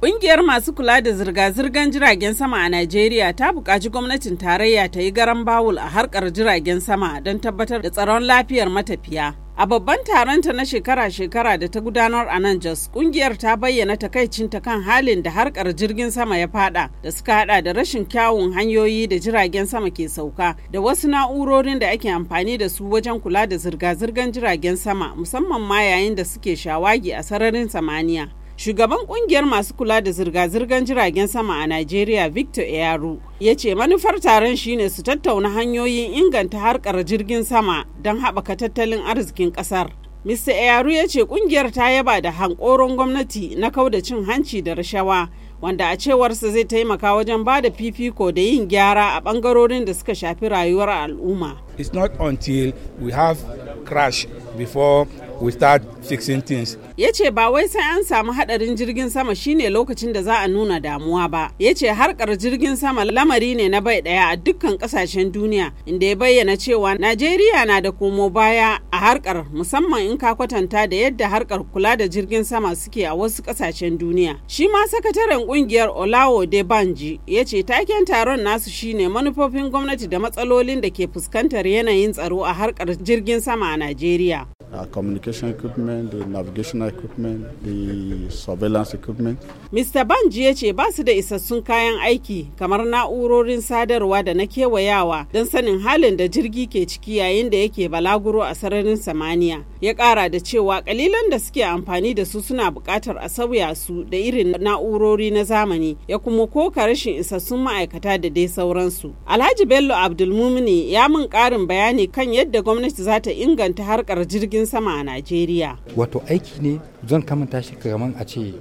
Ƙungiyar masu kula da zirga-zirgar jiragen sama a Najeriya ta buƙaci gwamnatin tarayya ta yi garan bawul a harkar jiragen sama don tabbatar da tsaron lafiyar matafiya. A babban taronta na shekara-shekara da ta gudanar a nan Jos, ƙungiyar ta bayyana takaicinta kan halin da harkar jirgin sama ya fada da suka hada da rashin kyawun hanyoyi da jiragen sama ke sauka da wasu na'urorin da ake amfani da su wajen kula da zirga-zirgar jiragen sama musamman ma yayin da suke shawagi a sararin samaniya. Shugaban kungiyar masu kula da zirga-zirgar jiragen sama a Najeriya Victor Eyaru ya ce manufar taron shine su tattauna hanyoyin inganta harkar jirgin sama don haɓaka tattalin arzikin ƙasar. Mr. Eyaru ya ce kungiyar ta yaba da hankoron gwamnati na kauda cin hanci da rashawa wanda a cewarsa zai taimaka wajen ba da fifiko da yin gyara a ɓangarorin da suka shafi rayuwar al'umma. It's not until we have crash before we start fixing things. Ya ce ba wai sai an samu hadarin jirgin sama shine lokacin da za a nuna damuwa ba. Ya ce harkar jirgin sama lamari ne na bai daya a dukkan kasashen duniya inda ya bayyana cewa Najeriya na da komo baya a harkar musamman in ka kwatanta da yadda harkar kula da jirgin sama suke a wasu kasashen duniya. Shi ma sakataren kungiyar Olawo de Banji ya ce taken taron nasu shine manufofin gwamnati da matsalolin da ke fuskantar yanayin tsaro a harkar jirgin sama a Najeriya. our uh, communication equipment, the navigation equipment, the surveillance equipment. Mr. Banji ya ce ba su da isassun kayan aiki kamar na'urorin sadarwa da na kewayawa don sanin halin da jirgi ke ciki yayin da yake balaguro a sararin samaniya. Ya kara da cewa kalilan da suke amfani da su suna bukatar a sauya su da irin na'urori na zamani ya kuma koka rashin isassun ma'aikata da dai sauransu. Alhaji Bello Abdulmumini ya mun karin bayani kan yadda gwamnati za ta inganta harkar jirgin jirgin sama a Najeriya. Wato aiki ne zan kamanta shi kamar a ce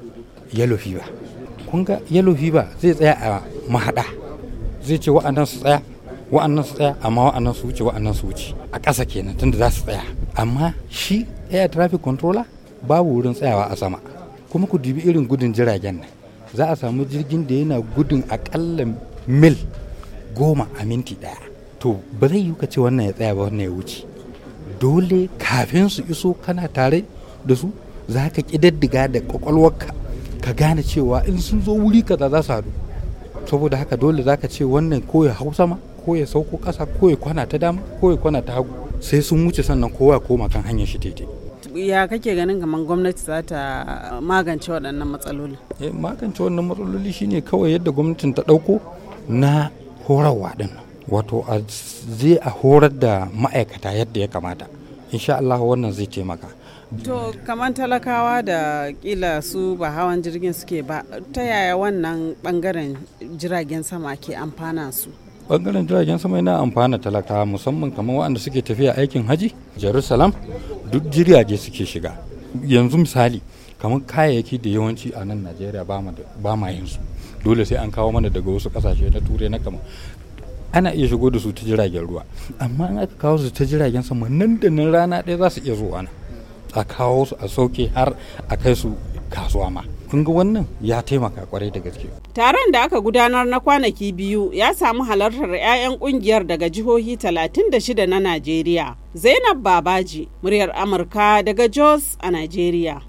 yellow fever. Kun ga yellow fever zai tsaya a mahaɗa. Zai ce wa'annan su tsaya, wa'annan su tsaya, amma wa'annan su wuce, wa'annan su wuce. A ƙasa kenan tunda za su tsaya. Amma shi air traffic controller babu wurin tsayawa a sama. Kuma ku dubi irin gudun jiragen nan. Za a samu jirgin da yana gudun aƙalla mil goma a minti ɗaya. To ba zai yi ka ce wannan ya tsaya ba wannan ya wuce. dole kafin su iso kana tare da su za ka ƙididdiga da ƙwaƙwalwarka ka gane cewa in sun zo wuri kaza za su haɗu saboda haka dole za ka ce wannan ko ya hau sama ko ya sauko ƙasa ko ya kwana ta dama ko ya kwana ta hagu sai sun wuce sannan kowa ya koma kan hanyar shi daidai ya kake ganin kamar gwamnati za ta magance waɗannan matsaloli eh, magance wannan matsaloli shine kawai yadda gwamnatin ta ɗauko na horarwa ɗin wato a zai a horar da ma'aikata yadda ya kamata insha Allah wannan zai taimaka to kamar talakawa da kila su ba hawan jirgin suke ba ta yaya wannan bangaren jiragen sama ke amfana su bangaren jiragen sama yana amfana talakawa musamman kamar waɗanda suke tafiya aikin haji jerusalem duk jirage suke shiga yanzu misali kamar kayayyaki da yawanci a nan najeriya ba ma yin su dole sai an kawo mana daga wasu kasashe na turai na kama ana iya shigo da su ta jiragen ruwa amma an aka kawo su ta jiragen sama nan da nan rana ɗaya za su iya zuwa na a kawo su a sauke har a kai su kasuwa ma kun ga wannan ya taimaka kwarai da gaske taron da aka gudanar na kwanaki biyu ya samu halartar 'ya'yan kungiyar daga jihohi 36 na najeriya zainab babaji muryar amurka daga jos a najeriya